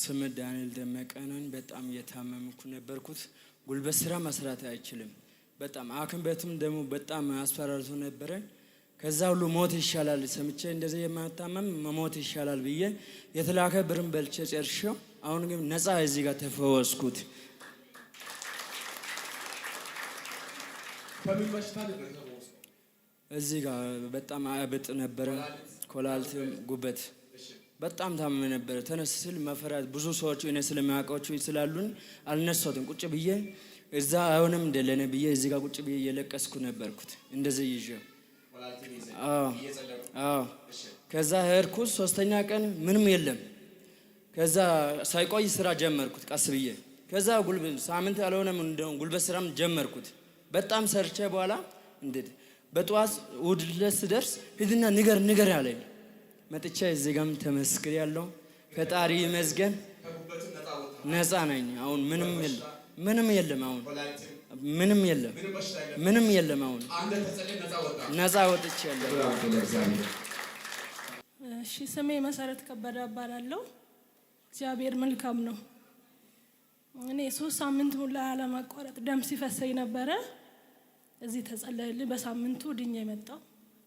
ስም ዳንኤል ደመቀ በጣም እየታመምኩ ነበርኩት። ጉልበት ስራ መስራት አይችልም። በጣም አክም በትም ደግሞ በጣም አስፈራርቶ ነበረ ከዛ ሁሉ ሞት ይሻላል ሰምቼ እንደዚህ የማታመም መሞት ይሻላል ብዬ የተላከ ብርን በልቼ ጨርሼው፣ አሁን ግን ነፃ እዚህ ጋር ተፈወስኩት። እዚህ ጋር በጣም አብጥ ነበረ፣ ኮላልት ጉበት በጣም ታመመ ነበረ። ተነስ ስል መፈራት ብዙ ሰዎች እኔ ስለሚያውቃቸው ስላሉን አልነሳትም። ቁጭ ብዬ እዛ አይሆንም እንደለነ ብዬ እዚህ ጋር ቁጭ ብዬ እየለቀስኩ ነበርኩት እንደዚህ ይዤ። ከዛ ሄድኩት። ሶስተኛ ቀን ምንም የለም። ከዛ ሳይቆይ ስራ ጀመርኩት ቀስ ብዬ። ከዛ ሳምንት አልሆነም እንደውም ጉልበት ስራም ጀመርኩት። በጣም ሰርቼ በኋላ እንዴት በጠዋት ውድለት ስደርስ ሂድና ንገር ንገር አለኝ መጥቻ እዚህ ጋም ተመስክር ያለው ፈጣሪ ይመስገን ነፃ ነኝ። አሁን ምንም የለም፣ ምንም የለም፣ አሁን ምንም የለም፣ ምንም የለም። አሁን ነፃ ወጥቼ ያለው። እሺ፣ ስሜ መሰረት ከበደ እባላለሁ። እግዚአብሔር መልካም ነው። እኔ ሶስት ሳምንት ሙላ ያለማቋረጥ ደም ሲፈሰኝ ነበረ። እዚህ ተጸለይልኝ በሳምንቱ ድኛ የመጣው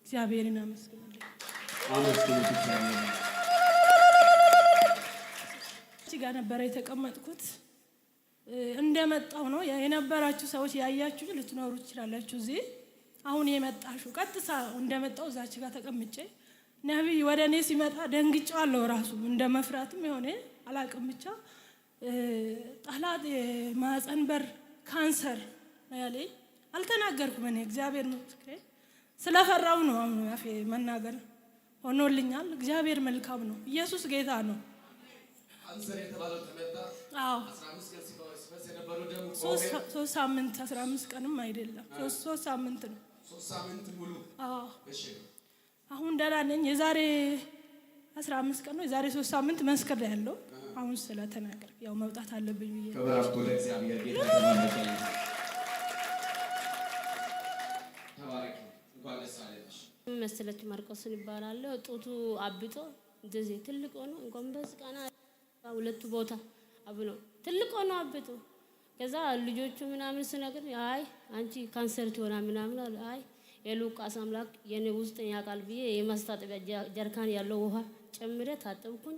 እግዚአብሔርን አመስግናለሁ። ጋር ነበረ የተቀመጥኩት። እንደመጣው ነው የነበራችሁ ሰዎች ያያችሁ ልትኖሩ ትችላላችሁ። እዚህ አሁን የመጣችሁ ቀጥታ እንደመጣሁ እዛች ጋር ተቀምጬ ነቢይ ወደ እኔ ሲመጣ ደንግጬዋለሁ። ራሱ እንደ መፍራትም የሆነ አላቅም ብቻ ጠላት የማህፀን በር ካንሰር ያለ አልተናገርኩም። እኔ እግዚአብሔር ምስክሬ ስለፈራው ነው አሁን አፌ መናገር ሆኖልኛል። እግዚአብሔር መልካም ነው። ኢየሱስ ጌታ ነው። ሶስት ሳምንት አስራ አምስት ቀንም አይደለም ሶስት ሳምንት ነው። አሁን ደህና ነኝ። የዛሬ አስራ አምስት ቀን ነው የዛሬ ሶስት ሳምንት መስክር ያለው አሁን ስለተናገር ያው መውጣት አለብኝ ብዬ ነው። መሰለች ማርቆስን ይባላል። ጡቱ አብጦ እንደዚህ ትልቅ ሆኖ እንኳን በስቃና ሁለቱ ቦታ አብኖ ትልቅ ሆኖ አብጦ ከዛ ልጆቹ ምናምን ስነግር አይ አንቺ ካንሰር ትሆና ምናምን አለ። አይ የሉቃስ አምላክ የኔ ውስጥን ያውቃል ብዬ የማስታጠቢያ ጀርካን ያለው ውሃ ጨምሬ ታጠብኩኝ፣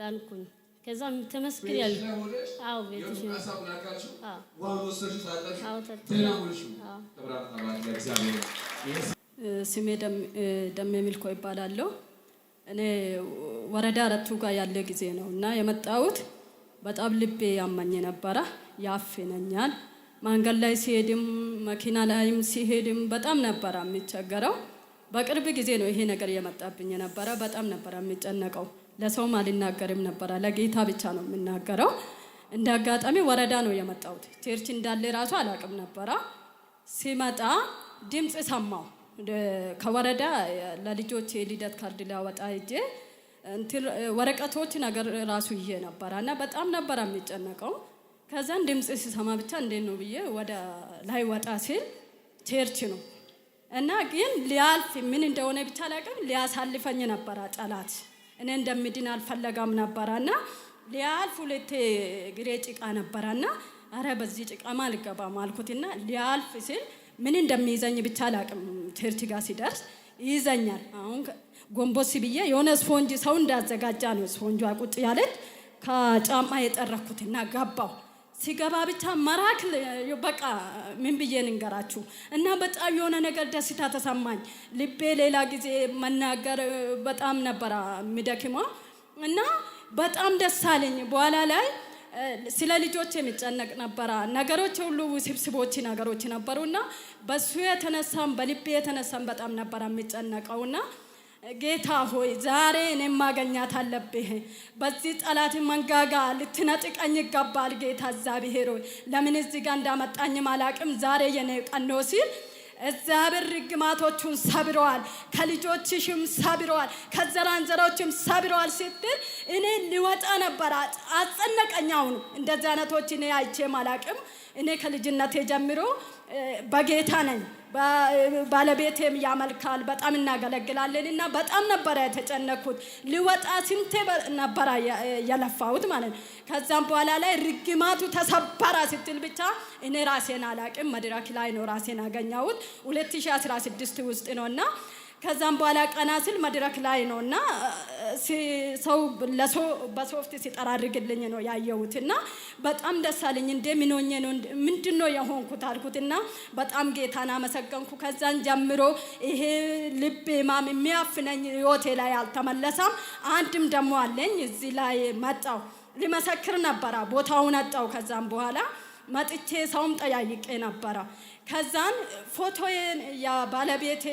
ዳንኩኝ። ከዛ ተመስክር ያለ አው ቤትሽ አው አው ስሜ ደሜ ሚልኮ ይባላለሁ። እኔ ወረዳ አረቱ ጋር ያለ ጊዜ ነው እና የመጣሁት በጣም ልቤ ያመኝ ነበረ፣ ያፍነኛል። መንገድ ላይ ሲሄድም መኪና ላይም ሲሄድም በጣም ነበረ የሚቸገረው። በቅርብ ጊዜ ነው ይሄ ነገር የመጣብኝ ነበረ። በጣም ነበረ የሚጨነቀው። ለሰውም አልናገርም ነበረ፣ ለጌታ ብቻ ነው የምናገረው። እንደ አጋጣሚ ወረዳ ነው የመጣሁት። ቸርች እንዳለ ራሱ አላቅም ነበረ። ሲመጣ ድምፅ ሰማው ከወረዳ ለልጆች የልደት ካርድ ሊያወጣ እጄ ወረቀቶች ነገር ራሱ ይዤ ነበረ እና በጣም ነበረ የሚጨነቀው። ከዛን ድምፅ ሲሰማ ብቻ እንዴት ነው ብዬ ወደ ላይ ወጣ ሲል ቸርች ነው እና ግን ሊያልፍ ምን እንደሆነ ብቻ አላውቅም። ሊያሳልፈኝ ነበረ ጠላት። እኔ እንደምድን አልፈለጋም ነበረ እና ሊያልፍ ሁለቴ ግሬ ጭቃ ነበረ እና አረ በዚህ ጭቃማ አልገባም አልኩትና ሊያልፍ ሲል ምን እንደሚይዘኝ ብቻ አላቅም። ቸርች ጋር ሲደርስ ይይዘኛል። አሁን ጎንቦስ ብዬ የሆነ ስፖንጅ ሰው እንዳዘጋጃ ነው ስፖንጇ ቁጭ ያለች ከጫማ የጠረኩትና ገባው ሲገባ ብቻ መራክ በቃ ምን ብዬ ልንገራችሁ። እና በጣም የሆነ ነገር ደስታ ተሰማኝ። ልቤ ሌላ ጊዜ መናገር በጣም ነበረ የሚደክመው እና በጣም ደስ አለኝ በኋላ ላይ ስለ ልጆች የሚጨነቅ ነበረ። ነገሮች ሁሉ ውስብስቦች ነገሮች ነበሩ እና በሱ የተነሳም በልቤ የተነሳም በጣም ነበረ የሚጨነቀው እና ጌታ ሆይ ዛሬ እኔም ማገኛት አለብህ። በዚህ ጠላት መንጋጋ ልትነጥቀኝ ይገባል። ጌታ እግዚአብሔር ሆይ ለምን እዚህ ጋር እንዳመጣኝም አላቅም። ዛሬ የኔ ቀን ነው ሲል እግዚአብሔር ርግማቶቹን ሰብረዋል፣ ከልጆችሽም ሰብረዋል፣ ከዘራንዘሮችም ሰብረዋል ስትል እኔ ልወጣ ነበር። አጸነቀኛውን እንደዚህ አይነቶች እኔ አይቼም አላቅም። እኔ ከልጅነቴ ጀምሮ በጌታ ነኝ ባለቤቴም ያመልካል። በጣም እናገለግላለን እና በጣም ነበረ የተጨነኩት። ልወጣ ስንቴ ነበረ የለፋሁት ማለት ነው። ከዛም በኋላ ላይ ርግማቱ ተሰበራ ስትል ብቻ እኔ ራሴን አላቅም። መድረክ ላይ ነው ራሴን አገኘሁት 2016 ውስጥ ነው እና ከዛም በኋላ ቀና ሲል መድረክ ላይ ነው እና ሰው በሶፍት ሲጠራርግልኝ ነው ያየሁት እና በጣም ደስ አለኝ። እንደ ምን ሆኜ ነው ምንድን ነው የሆንኩት አልኩት እና በጣም ጌታን አመሰገንኩ። ከዛን ጀምሮ ይሄ ልብ ማም የሚያፍነኝ ህይወቴ ላይ አልተመለሰም። አንድም ደግሞ አለኝ እዚህ ላይ መጣው ሊመሰክር ነበረ ቦታውን አጣው። ከዛም በኋላ መጥቼ ሰውም ጠያይቄ ነበረ። ከዛን ፎቶዬን ባለቤቴ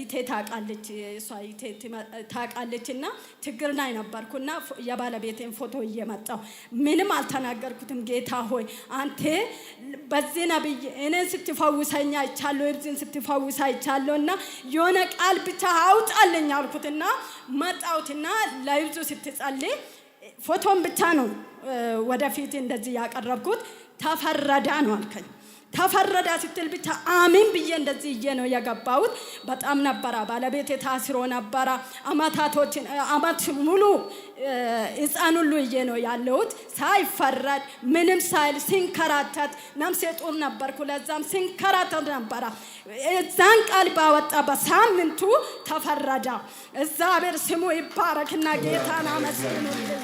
ኢቴ ታውቃለች እሷ ኢቴ ታውቃለች። እና ችግር ላይ ነበርኩና የባለቤቴን ፎቶ እየመጣው ምንም አልተናገርኩትም። ጌታ ሆይ አንተ በዚህ ነብይ እኔን ስትፈውሰኝ አይቻለሁ፣ እርዝን ስትፈውስ አይቻለሁ። እና የሆነ ቃል ብቻ አውጣልኝ አልኩትና መጣሁትና ለእርዙ ስትጸልይ ፎቶን ብቻ ነው ወደፊት እንደዚህ ያቀረብኩት ተፈረዳ ነው አልከኝ። ተፈረደ ስትል ብቻ አሚን ብዬ እንደዚህ እዬ ነው የገባሁት። በጣም ነበረ ባለቤት የታስሮ ነበረ። አመታቶችን አመት ሙሉ ህፃን ሁሉ እዬ ነው ያለሁት። ሳይፈረድ ምንም ሳይል ሲንከራተት ነፍሰ ጡር ነበርኩ። ለዛም ሲንከራተት ነበረ። እዛን ቃል ባወጣ በሳምንቱ ተፈረደ። እግዚአብሔር ስሙ ይባረክና ጌታን አመስግኑልን።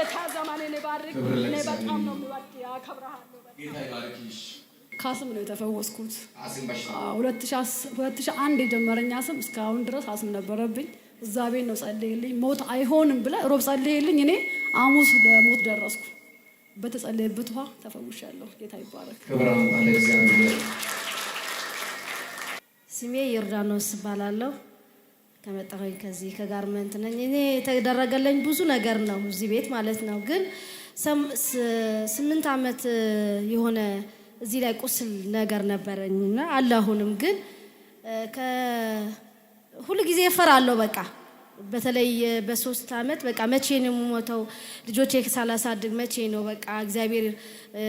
ጌታ ዘማን እኔ እኔ በጣም ነው የምወድ አከብርሃለሁ። ካስም ነው የተፈወስኩት። ሁለት ሺህ አንድ የጀመረኝ አስም እስካሁን ድረስ አስም ነበረብኝ። እዛ ቤት ነው ጸልይልኝ፣ ሞት አይሆንም ብለህ ሮብ ጸልይልኝ። እኔ አሙስ ለሞት ደረስኩ። በተጸለየበት ውሃ ተፈውሻለሁ። ጌታ ይባረክ። ስሜ ዮርዳኖስ እባላለሁ። ከመጣሁኝ ከዚህ ከጋርመንት ነኝ። እኔ የተደረገለኝ ብዙ ነገር ነው እዚህ ቤት ማለት ነው። ግን ስምንት ዓመት የሆነ እዚህ ላይ ቁስል ነገር ነበረኝና አለ አሁንም። ግን ሁሉ ጊዜ እፈራለሁ በቃ በተለይ በሶስት ዓመት በቃ መቼ ነው የምሞተው? ልጆቼ ሳላሳድግ መቼ ነው በቃ እግዚአብሔር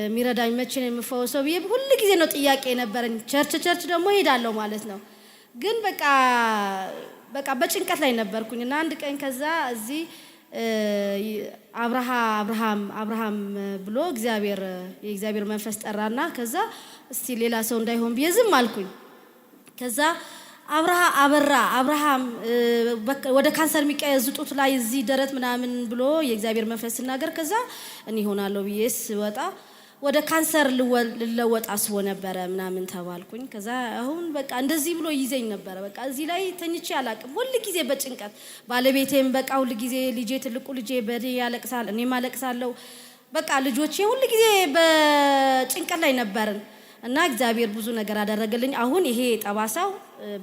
የሚረዳኝ መቼ ነው የምፈወሰው ብዬ ሁል ጊዜ ነው ጥያቄ ነበረኝ። ቸርች ቸርች ደግሞ እሄዳለሁ ማለት ነው ግን በቃ በቃ በጭንቀት ላይ ነበርኩኝ እና አንድ ቀን ከዛ እዚህ አብርሃ አብርሃም አብርሃም ብሎ እግዚአብሔር የእግዚአብሔር መንፈስ ጠራና ከዛ እስቲ ሌላ ሰው እንዳይሆን ብዬ ዝም አልኩኝ። ከዛ አብርሃ አበራ አብርሃም ወደ ካንሰር የሚቀየዝ ጡት ላይ እዚህ ደረት ምናምን ብሎ የእግዚአብሔር መንፈስ ሲናገር ከዛ እኔ ይሆናለሁ ብዬ ስወጣ ወደ ካንሰር ልለወጥ አስቦ ነበረ ምናምን ተባልኩኝ። ከዛ አሁን በቃ እንደዚህ ብሎ ይዘኝ ነበረ። በቃ እዚህ ላይ ተኝቼ አላቅም። ሁል ጊዜ በጭንቀት ባለቤቴም በቃ ሁል ጊዜ ልጄ ትልቁ ልጄ በእኔ ያለቅሳል፣ እኔም አለቅሳለሁ። በቃ ልጆቼ ሁል ጊዜ በጭንቀት ላይ ነበርን እና እግዚአብሔር ብዙ ነገር አደረገልኝ። አሁን ይሄ ጠባሳው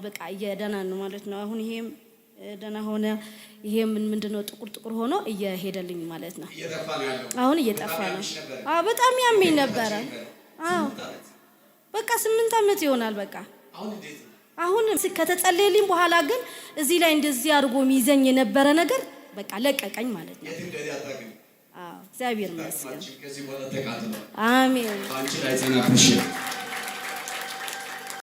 በቃ እየደና ነው ማለት ነው። አሁን ይሄም ደህና ሆነ። ይሄ ምን ምንድነው ጥቁር ጥቁር ሆኖ እየሄደልኝ ማለት ነው። አሁን እየጠፋ ነው። አዎ በጣም ያመኝ ነበረ። አዎ በቃ ስምንት ዓመት ይሆናል። በቃ አሁን ከተጸለየልኝ በኋላ ግን እዚህ ላይ እንደዚህ አድርጎ ሚይዘኝ የነበረ ነገር በቃ ለቀቀኝ ማለት ነው። እግዚአብሔር ይመስገን። አሜን።